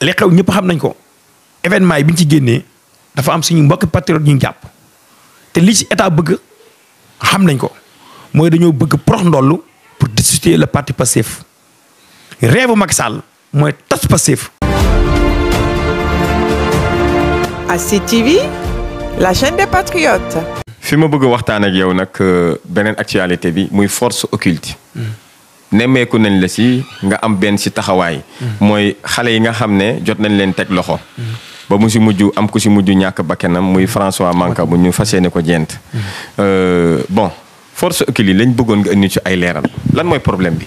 li xew ñëpp xam nañ ko événement yi bi ci génnee dafa am suñu mbokki patriote ñu jàpp te lii ci état bëgg xam nañ ko mooy dañoo bëgg prox ndollu pour discuter le parti Pastef réewu mag Sall mooy tas Pastef. ASID TV la chaîne des patriotes. fi ma bëgg waxtaan ak yow nag euh, beneen actualité bi muy force occulte. Hmm. nemmeeku nañ la si nga am benn si taxawaay. Mm-hmm. mooy xale yi nga xam ne jot nañ leen teg loxo. Mm-hmm. ba mu si mujj am ku si mujj ñàkk bakkanam muy mm-hmm. François Manka bu ñu fas yéene ko jent euh, bon force oculi lañ bëggoon nga indi ci ay leeral lan mooy problème bi.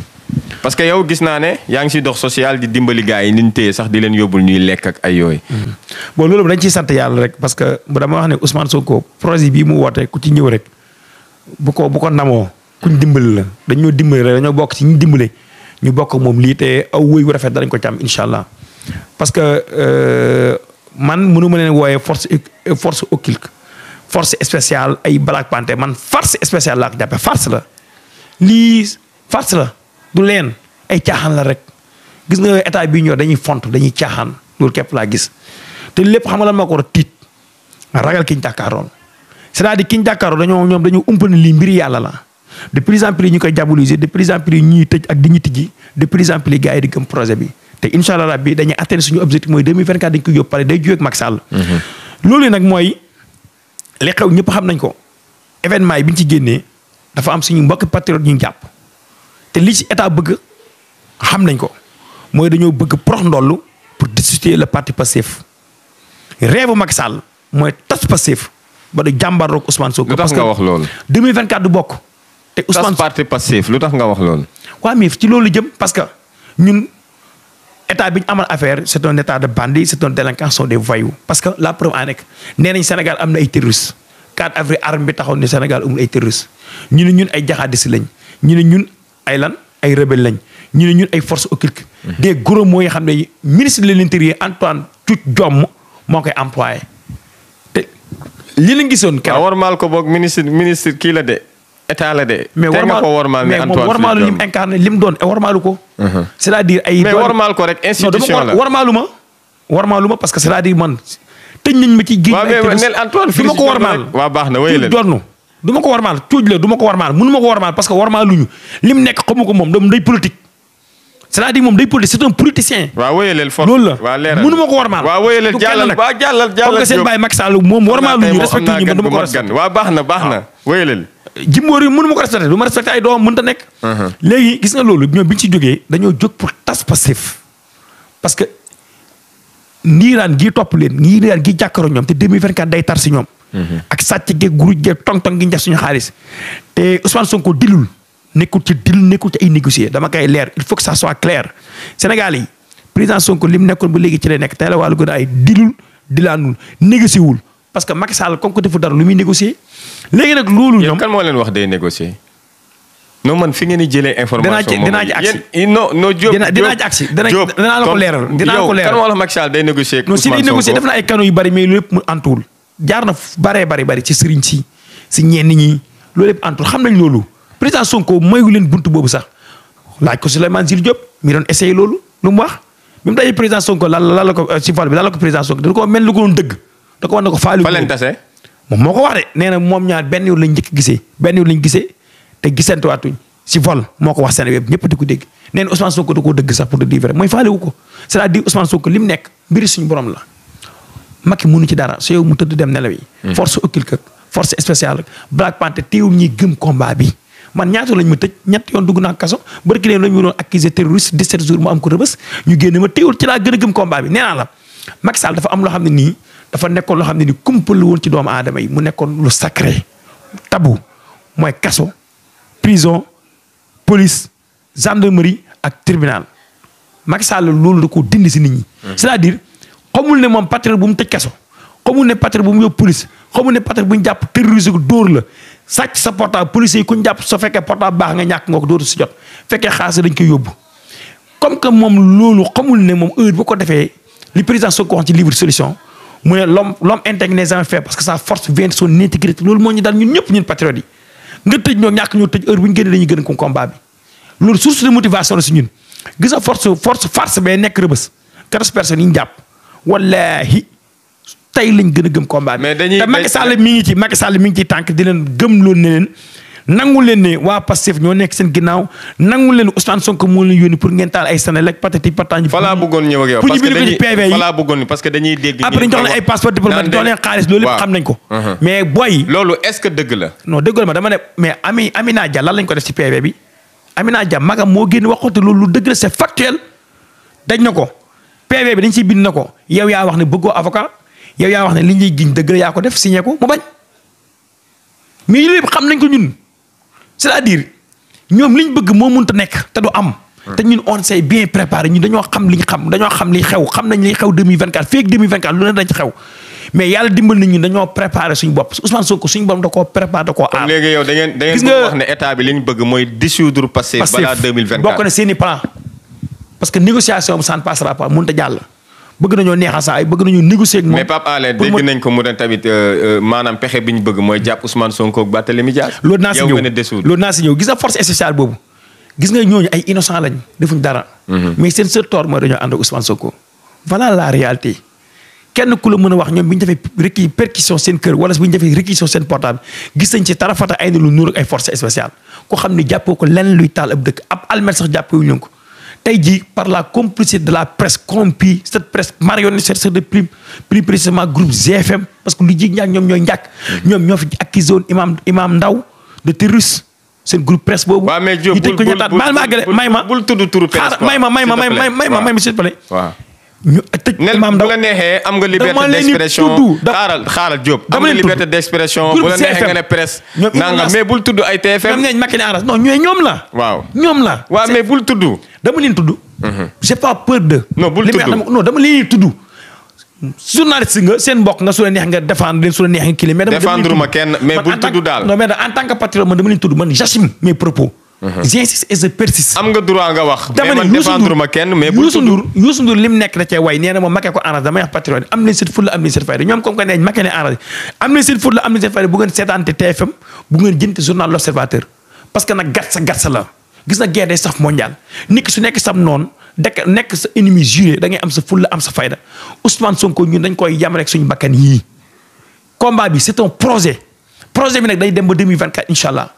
parce que yow gis naa ne yaa ngi si dox social di dimbali gars yi ni ñu téye sax di leen yóbbul ñuy lekk ak ay yooyu. bon loolu dañ ciy sant yàlla rek parce que bu dama wax ne Ousmane Sonko projet bii mu woote ku ci ñëw rek bu ko bu ko namoo. kuñ dimbali la dañoo dimbali la dañoo bokk ci ñu dimbale ñu bokk moom lii te aw wëy wu rafet danañ ko ci am allah parce que euh, man mënu leen wooyee force force occulte force spéciale ay Black Panther man farce spéciale la ko jàppe farce la lii farce la du leen ay caaxaan la rek gis nga état bi ñor dañuy font dañuy caaxaan loolu képp laa gis te lépp xam nga lan moo ko war a tiit ragal ki ñu jàkkaaroon c'est-à-dire ki ñu dañoo ñoom dañoo umpane lii mbir yàlla la de plus en plus ñu koy diaboliser de plus en plus ñuy tëj ak di ñu tijji de plus projet bi te incha allah rabbi dañuy atteindre suñu objectif mooy 2024 dañ koy yóbbu pare day juyee ak Macky mhm. loolu nag mooy li xew ñëpp xam nañ ko événement yi bi ñu ci génnee dafa am suñu mbokk patriote ñu jàpp te li ci état bëgg xam nañ ko mooy dañoo bëgg prox ndollu pour discuter le parti Pastef réewu Macky Sall mooy tas Pastef ba du jàmbaarloog Ousmane Sonko. parce que lu wax loolu. 2024 bokk. te Ousmane parti passif lu tax nga wax loolu. waaw mais ci loolu que ñun état bi ñu amal affaire c' est un état de bandits que la preuve en nekk nee nañ Sénégal am na ay terroristes 4 avril bi taxaw ne Sénégal amul ay terroristes ñu ne ñun ay jaxaadisi lañ ñu ne ñun ay lan ay rebelle lañ ñu ne ñun ay forces occultes. Mhm. des gros mots xam ne ministre l' intérieur Antoine Tchut Diome moo koy employé te li la gisoon. keroog war maal ko boog ministre ministre kii la de. état la de. mais warmaal mais moom warmaalu li mu incarné li eh, mu ko. Mhm. c'est-à-dire ay. mais warmaal ko rek institution la warmaalu ma. warmaalu ma parce que c'est-à-dire man tëj nañ ma ci géej. du ma ko warmaal. waaw baax na du ma ko warmaal tuuj la du ma ko warmaal mënu parce que warmaaluñu li mu nekk xamu ko moom dam day politique. c'est-à-dire moom day politique c'est un politicien. waaw wóyaleel ma ko warmaal. waaw wóyaleel jàllal waaw jàllal jàllal seen baay Macky Sall moom warmaaluñu respecté jimbóor yi mënu ma ko respecté du ma respecté ay doomam mënta nekk. Uh-huh. léegi gis nga loolu ñoom bi ñu ci jógee dañoo jóg pour tas Pastef parce que niiraan gii topp leen niiraan gii jàkkaaroo ñoom te 2024 day tar si ñoom. Uh-huh. ak sàcc geeg guruj geeg tong-tong gi njax suñu xaalis te Ousmane Sonko dilul nekkul ci dil nekkul ci ay négocier dama koy leer il faut que ça soit clair Sénégal yi président Sonko li mu nekkoon ba léegi ci lay nekk tey la wàllu di ay dilul dilaanul négocier wul parce que Macky Sall ko defu dara lu muy négocier. léegi nag loolu ñoom kan moo leen wax day négocier. non man fi ngeen di jëlee information. moom dinaa ci dinaa ci agsi non non Diop dinaa ci agsi dinaa la ko leeral dinaa la ko leeral. yow kan moo la Macky Sall day négocier. non si day négocier def na ay canaux yu bari mais lépp mu antuwul. jaar na baree bari bari ci sëriñ si si ñenn ñi loolu lépp antuwul xam nañ loolu président Sonko mayu leen buntu boobu sax laaj ko Souleymane Jules Diop mi doon essayé loolu lu mu wax. bi mu dajee président Sonko lan la lan la ko euh, si fal bi lan la ko président Sonko da ko mel lu ko doon dëgg da ko wax ne ko faalu. fa leen tase. moom moo ko wax de nee moom ñaar benn yoon lañ njëkk gisee benn yoon lañ gise te gisantewaatuñ si vol moo ko wax seen web ñëpp di ko dégg nee na Ousmane Sonko da koo dëgg sax pour de dire mooy faale wu ko c'est-à-dire Ousmane Sonko li mu nekk mbiri suñu borom la Macky mënu ci dara su yow mu tëdd dem nelaw yi hmm. force occulte force spéciale Black Panther teewul ñuy gëm combat bi man ñaata lañ ma tëj ñett yoon dugg naa kaso barki leen lañ ma doon accusé terroriste 17 jours mu am ko rëbës ñu génne ma teewul ci laa gën a am loo xam ne nii dafa nekkoon loo xam ne ni kumpalu woon ci doomu aadama yi mu nekkoon lu sacré tabu mooy keso prison police gendarmerie ak tribunal Macky Sall loolu da ko dindi si nit ñi. Hmm. c'est-à-dire xamul ne moom patriote bu mu keso kaso. xamul ne patriote bu mu yóbbu police xamul ne patriote bu ñu jàpp terroriste ko dóor la sàcc sa portable policier yi ku ñu jàpp soo fekkee portable baax nga ñàkk nga ko dootu si jot fekkee xaalis dañ koy yóbbu. comme que moom loolu xamul ne moom heure bu ko defee li président soo ko ci livre solution. mu ne l'homme l'homme intègre n'est jamais faible parce que sa force vient de son intégrité loolu moo ñu daal ñun ñëpp ñun patriotes yi nga tëj ñoo ñàkk ñoo tëj heure bu ñu génnee dañuy gën ko combat bi loolu source de motivation la ñun gis nga force force farce bee nekk rëbës quatorze personnes yi ñu wallaahi tey gën a gëm combat bi. mais dañuy te Macky Sall mi ngi ci Macky Sall mi ngi ci tànk di leen gëm loolu ne leen nangu leen ne waa Pastef ñoo nekk seen ginnaaw nangu leen Ousmane Sonko moo leen yónni pour ngeen taal ay Senelec patati pataañ. voilà bëggoon ñëw ak yow parce que dañuy voilà bëggoon parce que dañuy dégg. après ñu jox leen ay passeport diplomatique jox leen xaalis loolu yëpp xam nañ ko. Uh-huh. mais booy. loolu est-ce que dëgg la. non dëgg la ma dama ne mais Ami Amina Dia lan lañ ko def ci PV bi Amina Dia magam moo génn waxoon te loolu lu dëgg la c'est factuel dañ na ko PV bi dañ ciy bind na ko yow yaa wax ne bëggoo avocat yow yaa wax ne li ñuy giñ dëgg la yaa ko def signé ko mu bañ mais yëpp xam nañ ko ñun c'est-à-dire ñoom liñ bëgg moo mënta nekk te du am. Hmm. te ñun on s'est bien préparé ñun dañoo xam liñ xam dañoo xam liy xew xam nañ liy xew 2024 feeg 2024 lu ne dañ ci xew mais yàlla dimbal dañoo préparé suñu bopp Ousmane Sonko suñu bopp da koo préparé da koo aar. léegi yow ne état bi i plan parce que négociation bi ça ne passera jàll. bëgg nañoo neexa saay bëgg nañoo négocier ak moom. mais Pape Alé dégg nañ ko mu doon tamit euh, euh, maanaam pexe bi bëgg mooy jàpp Ousmane Sonko ak Barthélémy Dias. loolu naa si ñëw loolu naa si ñëw gis nga force spéciale boobu gis nga ñooñu ay innocent lañ defuñ dara. Mhm. mais seen seul mooy dañoo ànd ak Ousmane Sonko. voilà ku la mën a wax ñoom bi ñu defee réquis perquisition seen kër wala bu ñu defee réquisition seen portable gis nañ ci tarafata ay na lu nuur ak ay force spéciale ko xam ne jàppoo ko lenn luy taal ab dëkk ab almet sax jàppewuñu ko tey jii par la complicité de la presse corrompue cette presse marionnette cette de plume plus précisément groupe GFM parce que lu ji ñaak ñoom ñooy njàkk ñoom ñoo fi accusé woon imam imam Ndaw de terroriste seen groupe presse boobu. waaw mais Diop bul bul bul bul bul tudd turu presse may ma may ma may ma may ma may ma s'il te ñu tëj maam bu la neexee am nga liberté d'expression xaaral xaaral Diop am nga liberté d'expression bu la neexee nga bul tudd ay TFM ñoom Macky ñoom la waaw ñoom la waaw mais tudd dama leen tudd mhm. j'ai pas peur de non tudd non dama leen tudd journaliste nga seen mbokk nga su la neex nga défendre ma kenn mais bul tudd daal non mais en tant que patriote man dama leen tudd man j'assume mes propos j'insiste mhm. et je persiste. am nga droit nga wax. dama kenn mais. Youssou Ndour Youssou Ndour lim nekk da cee way nee na ma makkee ko arrangé damay wax patriote am nañ seen fulla am que nee nañ makkee ne arrangé am fayda bu ngeen seetaante TFM bu ngeen jënte journal l'observateur parce que nag gatsa gatsa la gis na guerre day saf mondial nit ki su nekk sam noonu dekk nekk sa ennemi juré da ngay am sa fulla am sa fayda Ousmane Sonko ñun dañ koy yam rek suñu bakkan yii combat bi c'est un projet projet bi nag day dem ba 2024 incha allah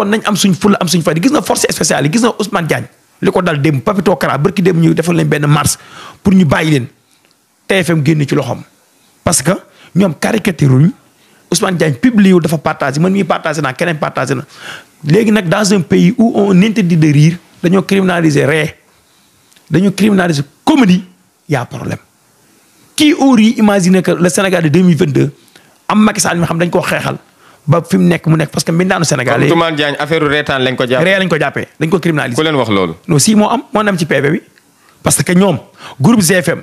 kon nañ am suñ fulla am suñ fayda gis nga force spéciale yi gis nga Ousmane Diagne li ko dal dem Papito Kara barki démb ñu defal leen benn marche pour ñu bàyyi leen TFM génn ci loxoom parce que ñoom caricature ñu Ousmane Diagne publié wu dafa partagé man mii partagé naa keneen partagé na léegi nag dans un pays où on interdit de rire dañoo criminaliser ree dañoo criminaliser comédie y a problème qui aurait imaginé que le Sénégal de 2022 am Macky Sall mi xam dañ koo xeexal ba fi mu nekk mu nekk parce que mbindaanu Sénégal. comme Toumane Diagne affaire reetaan lañ ko jàppee. ree lañ ko jàppee dañ ko criminalisé. ku leen wax loolu. non si am moo am ci PV bi parce que ñoom groupe GFM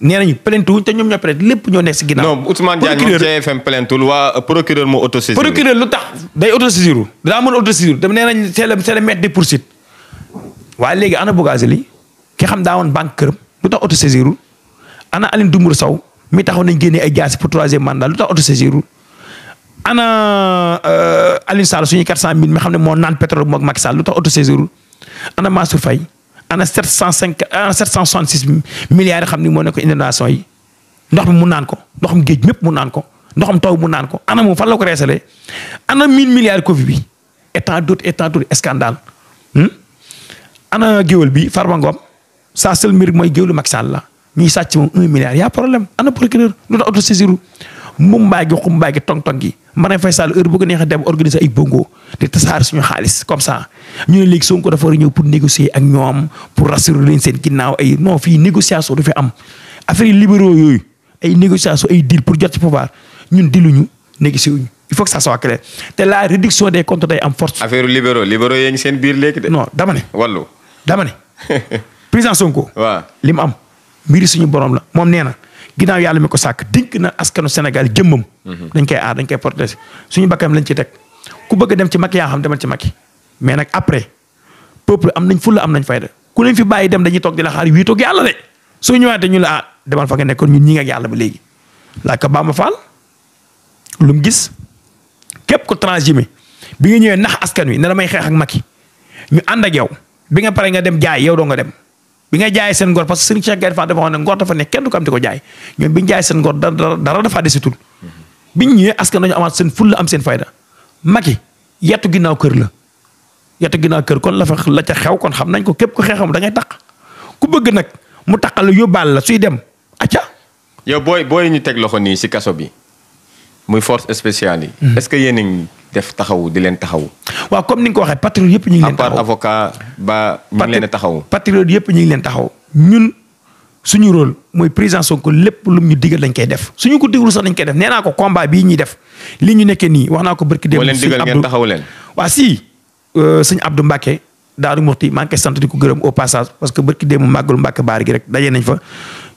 nee nañu plainte wuñ te ñoom ñoo plainte lépp ñoo nekk si ginnaaw. non Ousmane Diagne moom GFM plainte wul waa euh, procureur moo autosaisir. procureur lu tax day autosaisir wu. daa dem nee nañ c'est le c'est le maître des poursuites waaye xam daa woon banque këram lu tax auto ana Aline Dumour Sow mi taxaw nañ génnee ay jaasi pour troisième mandat lu tax ana euh, Alioune Sall suñu 400000 mi xam ne moo naan pétrole moom ak Macky Sall lu tax auto-saisir ana Mansour Faye ana 705 ana 766 milliards yi xam ne moo nekk yi ndox mi mu naan ko ndox mu géej mépp mu naan ko ndox mu taw mu naan ko ana moom fan la ko reesalee ana 1000 milliards Covid bi et tant d'autres et tant d'autres scandale hmm? bi mooy géwélu Macky la ñuy sàcc mbumbaay gi xumbaay gi tong-tong gi Marème Faye Sall heure bu ko neexee dem organiser ay bongo di tasaare suñu xaalis comme ça ñu ne léegi Sonko dafa war a ñëw pour négocier ak ñoom pour rassurer leen seen ginnaaw ay non fii négociation du fi am affaire yi yooyu ay négociation ay deal pour jot ci pouvoir ñun diluñu négocier wuñu il faut que ça soit clair te la réduction des comptes day am force. affaire libéraux libéraux yaa ñu seen biir léegi de. non dama ne. wàllu dama ne président Sonko. waaw li mu am mbiri suñu borom la moom nee na. ginnaaw yàlla mi ko sàkk dénk na askanu Sénégal jëmmam. Mhm. dañ koy aar dañ koy protéger suñu bakkanam lañ ci teg ku bëgg dem ci Macky yaa xam demal ci Macky mais nag après peuple am nañ fulla am nañ de ku leen fi bàyyi dem dañuy toog di la xaar wii toog yàlla de soo ñëwaatee ñu la ah demal fa nga nekkoon ñun ñi nga ak yàlla ba léegi. laaj ko Bamba Fall lu mu gis képp ku transhumé bi nga ñëwee nax askan wi ne damay xeex ak Macky ñu ànd ak yow bi nga pare nga dem jaay yow doo nga dem. bi nga jaay seen ngor parce que Serigne Cheikh Gaïndé Fatma dafa wax ne ngor dafa ne kenn du ko am di ko jaay ñoom bi ñu jaay seen ngor dara dara dafaa desetul biñ ñëwee askan amaat seen fulla am seen fayda Macky yettu ginnaaw kër la yettu ginnaaw kër kon la fa la ca xew kon xam nañ ko képp ku xeexam da ngay taq ku bëgg nag mu taqal yóbbaal la suy dem acca yow booy booy ñu teg loxo nii si kaso bi muy force spéciale yi. Mm-hmm. est-ce que yéen a ngi def taxawu di leen taxawu. waaw comme ni nga ko waxee patriote yëpp ñu ngi leen taxawu ñu ngi ñu ngi leen taxawu ñun suñu rôle mooy président Sonko lépp lu ñu digal lañ koy def suñu ko digalu sax dañ koy def nee ko combat bii ñuy def li ñu nekkee nii wax ko barki démb. suñu abdou ngeen taxawu leen. waa si euh, Muxti maa ngi koy sant di ko gërëm au passage parce que barki démb màggalu Mbacke baar gi rek daje nañ fa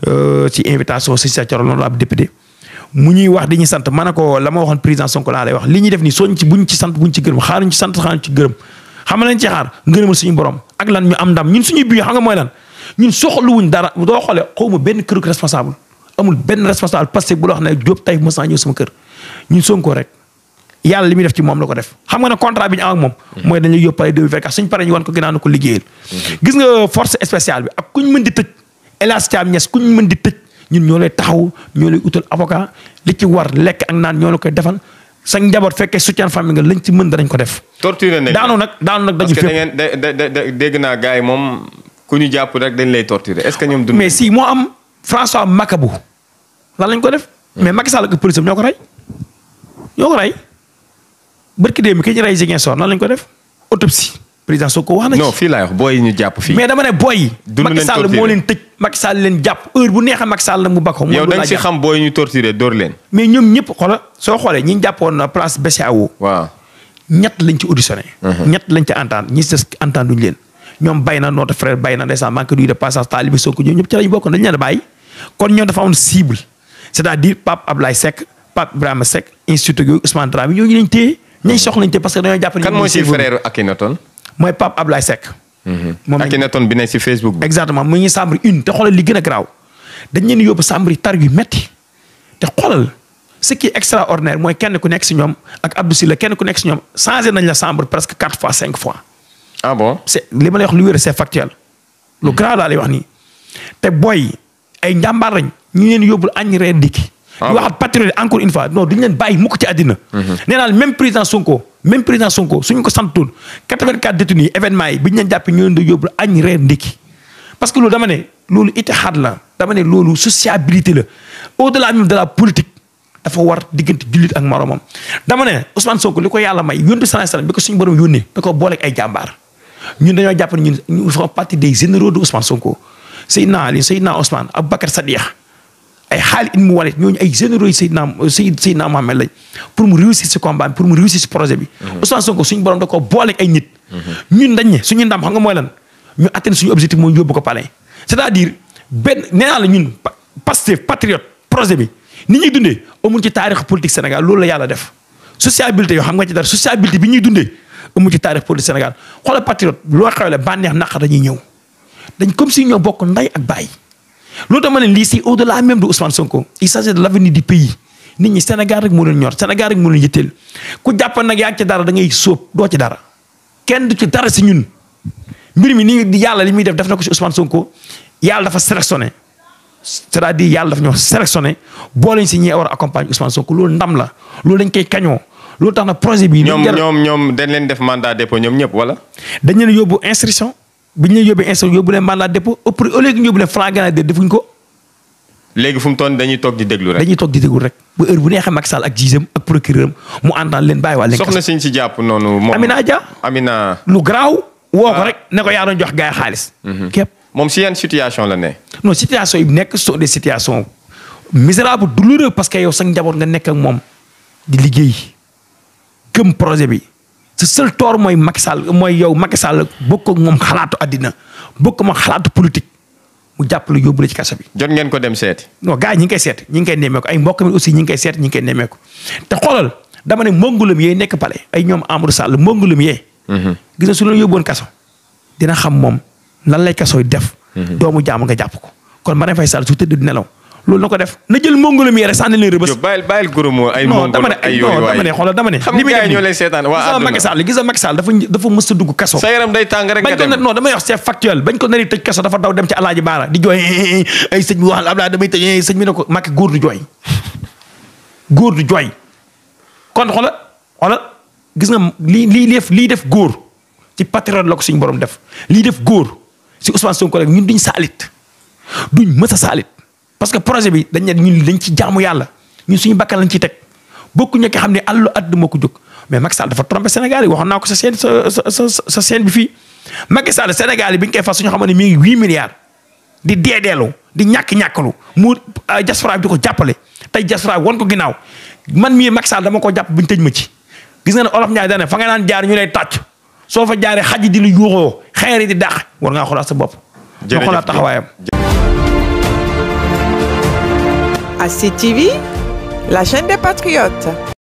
euh, ci invitation sëñ Sa Thioro ab député mu ñuy wax di ñu sant ma ne ko la ma waxoon président Sonko laa lay wax li ñuy def nii sooñ xam nga lañ ci xaar ngërëmal suñu mooy lan ñun soxluwuñ dara doo xoolee xaw parce que bu la wax ne Diop tey mos la ko def xam nga ne contrat bi hmm. pare ñu wan ko ginnaaw na ko liggéeyal. Hmm. gis nga force spéciale bi ak kuñ mën di tëj élastique ñes kuñ mën di ñun ñoo lay taxaw ñoo lay utal avocat li ci war lekk ak naan ñoo la koy defan sa njaboot fekkee soutien famille nga lañ ci mën danañ ko def. torturé nañ daanu nag daanu nag. dañu fépp parce que dégg naa gars yi moom ku ñu jàpp rek dañ lay torturé est ce que ñoom. mais si moo am François Makabu lan lañ ko def. mais Macky Sall ak police am ñoo ko rey ñoo ko rey barki démb ki ñu rey Ziguinchor lan lañ ko def autopsie. président Sonko wax na ci. non fii laay wax booy ñu jàpp fii. mais dama ne booy yi. Macky Sall moo tëj. Macky Sall leen jàpp heure bu neexee Macky Sall nag mu bakko. yow da si xam ñoom ñëpp xoola soo xoolee ñi ñu jàppoon place BCEAO. waaw ñett lañ uh-huh. ñoom bay na notre na ñoom ñëpp ci cible c'est-à-dire Pape Ablaye Seck Pape Ibrahima Seck institut yooyu Ousmane Dramé ñooñu lañ téye ñañ soxlañ parce que dañoo jàpp ne kan mooy si frère Akhenaton mooy pap Ablaye Seck. Mm-hmm. moom ak nekkoon bi ne si Facebook bi. exactement mu ngi chambre une te xoolal li gën a garaaw dañ leen yóbbu chambre yi tar yu metti te xoolal ce qui est extraordinaire mooy kenn ku nekk si ñoom ak Abdou Sylla kenn ku nekk si ñoom changé nañ la chambre presque quatre fois cinq fois. ah bon li ma lay wax lu wér c'est factuel. lu mm-hmm. garaaw laa lay wax nii te booy ay njàmbaar lañ ñu leen yóbbul añ reer dikki. Ah di waxaat patriote encore une fois non duñ leen bàyyi mukk ci àddina. Mm-hmm. nee même président Sonko suñu ko santoon 84 détenus yi événement yi bi ñu leen jàppee ñu leen di yóbbu añ reer ndékki parce que loolu dama ne loolu ittihaad la dama ne loolu sociabilité la au delà même de la politique dafa war diggante jullit ak moromam. dama ne Ousmane Sonko li ko yàlla may yónni salaay salaam bi ko suñu borom yónnee da ko booleeg ay jàmbaar ñun dañoo jàpp ne ñun nous faisons partie des généraux de Ousmane Sonko Seydina Ali Seydina Ousmane Aboubacar Sadiq ay xaali in mu walit ñooñu ay généraux yi Seydina Seyd Seydina Mohamed lañ pour mu réussir si combat bi pour mu réussir si projet bi mhm. Ousmane Sonko suñu borom da ko booleeg ay nit mhm. ñun dañ ne suñu ndam xam nga mooy lan ñu atteindre suñu objectif mooy yóbbu ko palais cest à benn nee naa la ñun Pastef patriote projet bi ni ñuy dundee amul ci taarix politique Sénégal loolu la yàlla def sociabilité yoo xam nga ci dara sociabilité bi ñuy dundee amul ñëw dañ comme si ñoo bokk nday ak bàyyi loolu tax ma ne lii c'est au-delà même de Ousmane Sonko il s'agit de l'avenir du pays nit ñi Sénégal rek moo leen ñor Sénégal rek moo leen yitteel ku jàppan nag yaa ngi ci dara da ngay sóob doo ci dara kenn du ci dara si ñun mbir mi nii yàlla li muy def def na ko si Ousmane Sonko yàlla dafa sélectionné c'est-à-dire yàlla dafa ñoo sélectionné boole ñu si ñi war a accompagner Ousmane Sonko loolu ndam la loolu dañ koy kañoo loolu tax na projet bi ñoom ñoom ñoom dañ leen def mandat dépôt ñoom ñëpp wala. dañ leen yóbbu instruction. bi ñu la yóbbee instruction yóbbu leen mandat dépôt au lieu que ñu yóbbu leen flagrant délit defuñ ko. léegi fu mu toon dañuy toog di déglu rek. dañuy toog di déglu rek bu heure bu neexee Macky Sall ak jugeem ak procureur am mu àndal leen bàyyi waa leen. soxna siñ si jàpp noonu. moom Amina Dia Amina. lu garaaw woo ah. rek ne ko yaa jox gars xaalis. Mhm. képp moom si yan situation la ne. non situation yi nekk situation des situations misérables douloureux parce que yow sax njaboot nga nekk moom di liggéey gëm projet bi. sa seul mooy Macky Sall mooy yow Macky Sall bokk ak moom xalaatu àddina bokk moom xalaatu politique mu jàppale yóbbu la ci kaso bi. jot ngeen ko dem seeti. non gars yi koy seet ñi ngi koy nemmeeku ay mbokk mi aussi ñi ngi koy te xoolal dama ne mongolum yee nekk pale ay ñoom Amadou Sall mongolum yee. Mhm. gis nga su la yóbbuwoon kaso dina xam moom lan lay kaso def. Mhm. doomu jaamu nga jàpp ko kon Marième Faye Sall su tëdd di nelaw loolu na ko def na jël mongolom yi rek sànni leen rëbës bàyyil bàyyil goro moo ay mongol ay yooyu waay dama ne xoolal dama ne li muy ñoo lay seetaan waa Macky Sall gis nga Macky Sall dafa dafa mës a dugg kaso sa yaram day tàng rek nga dem bañ dafa dem ci alaaji baara di jooy eh, eh, eh, ay sëñ bi wax ne ko Macky góor du jooy góor du jooy kon xoolal xoolal gis nga lii lii def lii def góor ci patriote la ko borom def lii def góor si Ousmane Sonko rek ñun duñ saalit duñ mësa a saalit parce que projet bi dañ ne ñun dañ ci jaamu yàlla ñun suñu bakkan lañ ciy teg bokku ñi nga xam ne àllu àdd moo ko jóg mais Macky Sall dafa trompé Sénégal yi waxoon ko sa seen sa sa sa seen bi fii Macky Sall bi ñu koy fas suñu xamoon ne mi ngi huit milliards di deedeelu di ñàkk-ñàkkalu mu euh, diaspora bi di ko jàppale tey diaspora bi wan ko ginnaaw man mii Macky Sall dama ko jàpp buñ tëj ma ci gis nga ne olof Ndiaye dane fa nga naan jaar ñu lay tàcc soo fa jaaree xaj di lu yuuxoo xeer yi di dàq war ngaa xoolaat sa bopp nga à CTV, la chaîne des patriotes.